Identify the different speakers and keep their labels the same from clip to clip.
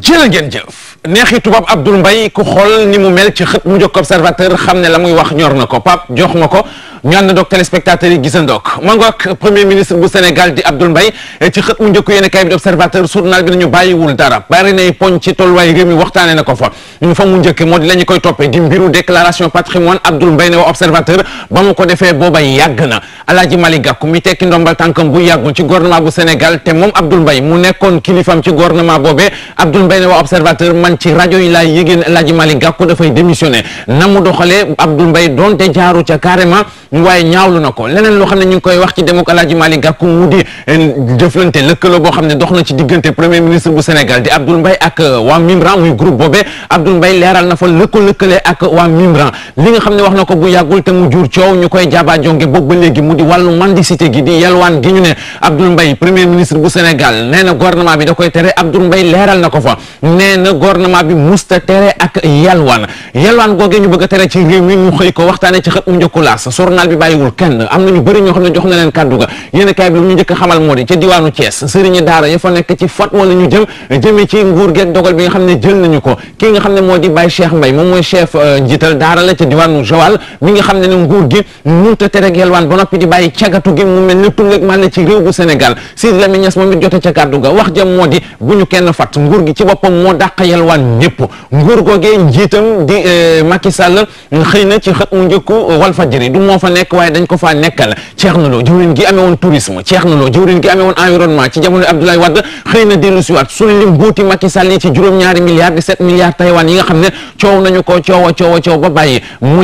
Speaker 1: jërë ngeen jëf neexi tubaab Abdoul Mbaye ku xool ni mu mel ci xët mu jokk observateur xam ne la muy wax ñor na ko pap jox ma ko ñu ànd doog téléspectateur yi gisandook ma ngoog premier ministre bu Sénégal di Abdoul Mbaye ci xët mu njëkk yéen kay bi observateur journal bi nañu bàyyiwul dara bari nay poñ ci tolluwaay réew mi waxtaane na ko fa ñu fa mu njëkk moo di ñu koy toppee di mbiru déclaration patrimoine Abdoul mbay ne waa observateur ba mu ko defee booba yàgg na Alaaji Malick Gakou mi tekki ndombal tànkam bu yàggul ci gouvernement bu Sénégal te moom Abdoul Mbaye mu nekkoon kilifam ci gouvernement boobee Abdoul Mbaye ne waa observateur man ci rajo yi laay yégéen Alaaji Malick Gakou dafay démissionné na mu doxalee Abdoul Mbaye doonte jaaru ca carrément waaye ñaawlu na mu di euh, jëflante lëkkaloo boo xam ne dox na ci diggante premier ministre bu Sénégal di Abdoul Mbaye ak euh, waa Mimran muy groupe boobee Abdoul Mbaye leeral na fa lëkkalëkkale ak waa Mimran mu di wàllu mendicité gi di yelwaan gi ñu ne Abdoul Mbaye premier ministre bu Sénégal nee na bi da koy tere Abdoul Mbaye leeral na ko fa nee na bi musta tere ak yelwaan yelwaan googee ñu bëgg tere ci réew mi ñu xëy ko waxtaane ci xët mu njëkku laas journal bi bàyyiwul kenn am na ñu bëri ñoo xam ne jox na leen kàddu ga yéen kaay bi lu ñu njëkk xamal moo di ca diwaanu Thiès sëriñi daara ya fa nekk ci fat wala ñu jëm jëmee ci nguur euh, gi ak yelwaan ci bàyyi cagatu gi mu mel ne tungeeg man ne ci réew bu Sénégal Sidy Lamine Niass moom it jote ca kàddu ga wax ja moo di bu ñu kenn fat nguur gi ci boppam moo dàq yelwaan ñëpp nguur googee njiitam di eh, Macky Sall xëy na ci xët mu njëkku Walfadjri du moo fa nekk waaye dañ ko faa nekkal Thierno Lo jëwrin gi amee woon tourisme Thierno gi amee woon environnement ci jamono Abdoulaye Wade xëy na di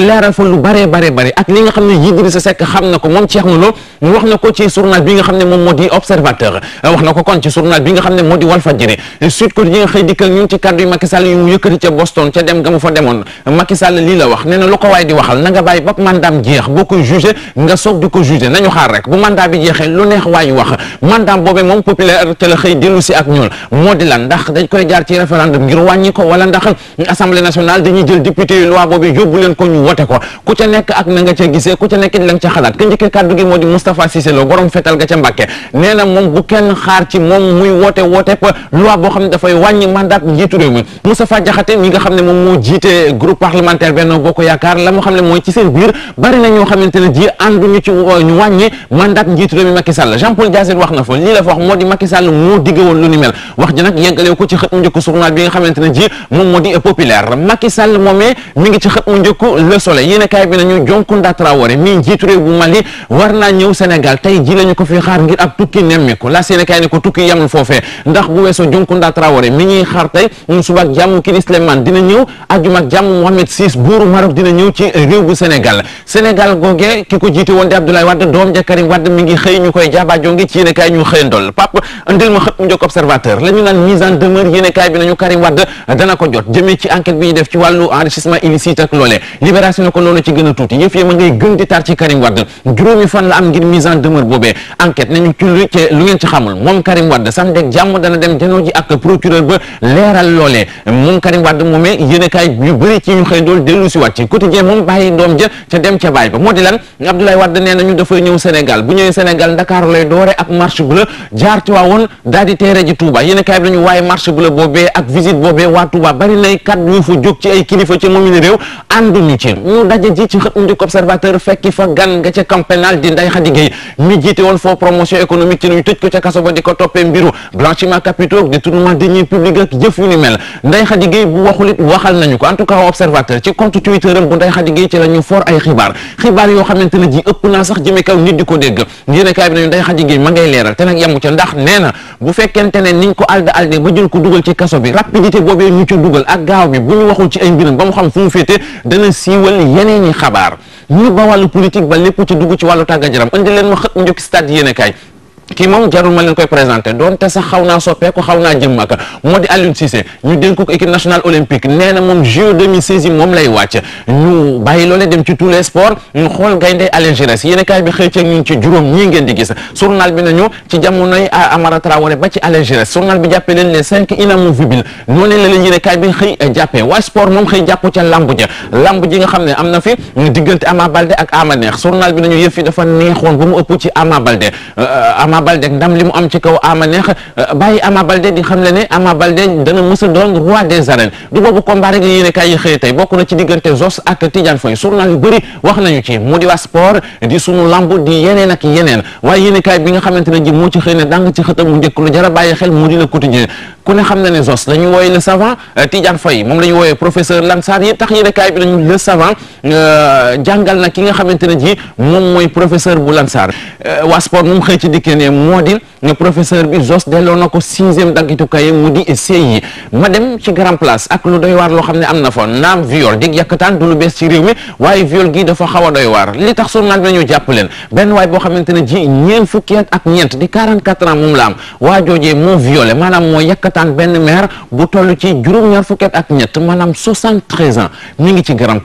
Speaker 1: a a lu bare bare bare li nga xam ne Idrissa Seck xam na ko Thierno Lo wax na ko ci journal bi nga xam ne moom moo di observateur wax na ko kon ci nga ne moo di Walfadjri Sud Quotidien xëy dikk ñun ci kaddu yu mu lii la wax nee lu ko waay di waxal na nga bàyyi ba mandaam jeex boo koy jugé nga soog ko jugé nañu xaar rek bu mandat bi jeexee lu neex waay wax mandaam boobee moom populaire te la xëy dellu si ak ñun moo di lan ndax dañ koy jaar ci référendum ngir wàññi ko wala ndax assemblée nationale dañuy jël député loi boobu yóbbu kaddu gi moo di Moustapha Cissé Lo borom fetal ga ca Mbàkke nee na moom bu kenn xaar ci moom muy woote woote pa boo xam dafay wàññi mandat njiitu réew mi Moustapha Diakhaté mi xam ne moom moo jiite groupe parlementaire Benno mooy ci seen biir bari na ñoo euh, ñu wàññi mandat njiitu mi Macky Sall Jean Paul Diazé wax na fa lii la fa moo di Macky Sall moo digg woon lu ni mel wax ji nag yeggalew ko ci xët mu njëkk journal bi nga xamante ne ji moom moo di populaire Macky Sall moomee mi ngi ci xët mu njëkk a kaay bi nañu Dioncounda Traoré mi njiitu war naa ñëw Sénégal tey ji lañu ko fi xaar ngir ab tukki nemmeeku la Sénégal ne ko tukki yamul foofee ndax bu weesoo Dionkunda Traoré mi ñuy xaar tey ñun suba ak jàmm Kili Souleymane dina ñëw ajuma jàmm Mohamed VI buuru Maroc dina ñëw ci réew bu Sénégal Sénégal googee ki ko jiite woon di Abdoulaye Wade doom ja Karim Wade mi ngi xëy ñu koy jaaba jonge ci yéene kaay ñu xëy ndol pap ndil ma xët observateur la naan mise en demeure bi nañu Karim Wade def ci wàllu enrichissement illicite ak loolee libération tuuti yëf yi ma ngay gën di juróomi fan la am ngir mise en demeure boobee enquête nañu ci lu ngeen ci xamul moom Karim Wade samdeg jàmm dana dem janoo ak procureur ba leeral loolee moom Karim Wade moomee yéene kaay ñëw Sénégal bu ñëwee Sénégal Dakar lay doore ak marche bleue jaar waa woon daal teere ji Touba yéene bi nañu waaye marche bleue boobee ak visite boobee waa Touba bari nay kaddu yu fa ci ay kilifa ca moomu ne réew ànduñu ci ñu daje ji ci xët mu njëkk observateur tribunal di Ndeye Khady jiite woon fonds promotion économique ci ñu tëj ko ca kaso ba di ko toppee mbiru blanchiment capitaux détournement deniers publics ak jëf yu ni mel Ndeye Khady bu waxul waxal nañu ko en observateur ci compte Twitter bu Ndeye Khady ci la ñu ay xibaar xibaar yoo xamante ne ji ëpp naa sax jëme kaw nit di ko dégg yéen kaay bi nañu Ndeye Khady ma ngay leeral te nag yamu ca ndax nee na bu fekkente ne niñ ko ñii ba wàllu politique ba lépp ci dugg ci wàllu tàggat yaram indi leen ma mu njëkk stade yéene kaay kii moom jarul ma koy présenté doonte sax xaw soppeeku xaw naa jëm ak moo ñu dénk ko équipe nationale olympique moom JO moom lay wàcc ñu bàyyi dem ci tous les sports ñu xool gaynde Alioune Giresse bi xëy ci ñun juróom ñii ngeen di gis journal bi nañu ci jamonoy Amara Traoré ba ci Alioune Giresse bi jàppee leen les cinq inamovibles noonu la leen yéen kaay bi xëy jàppee waa sport moom xëy jàpp ca lamb ja lamb ji nga xam ne am Ama Baldé ndam li mu euh, a doon a kaay a kaay bi a xel mu di la quotidien ku ne xam na ne Zos dañu wooye le savant euh, Tidiane Faye moom la ñu professeur Lansar euh, a waa sport moom xëy ci dikkee ne ne moo di ne professeur bi Jos delloo na ko sixième daggitukaye mu di essai yi ma dem ci grand place ak lu doy waar loo xam ne am na fa naam viol dig yàkkataan du lu bees ci réew mi waaye viol gi dafa xaw a doy waar li tax journal bi nañu jàpp leen benn waay boo xamante ne ji ñeent fukki at ak ñeent di 44 ans moom la am waa joojee moo violé maanaam moo yàkkataan benn maire bu toll ci juróom-ñaar fukki at ak ñett maanaam 73 ans mi ngi ci grand